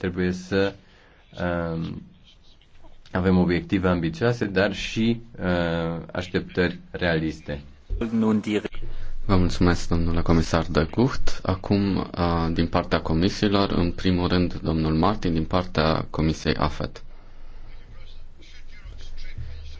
Trebuie să um, avem obiective ambițioase, dar și uh, așteptări realiste. Vă mulțumesc, domnule comisar de Gucht. Acum, uh, din partea comisiilor, în primul rând, domnul Martin, din partea Comisiei AFET.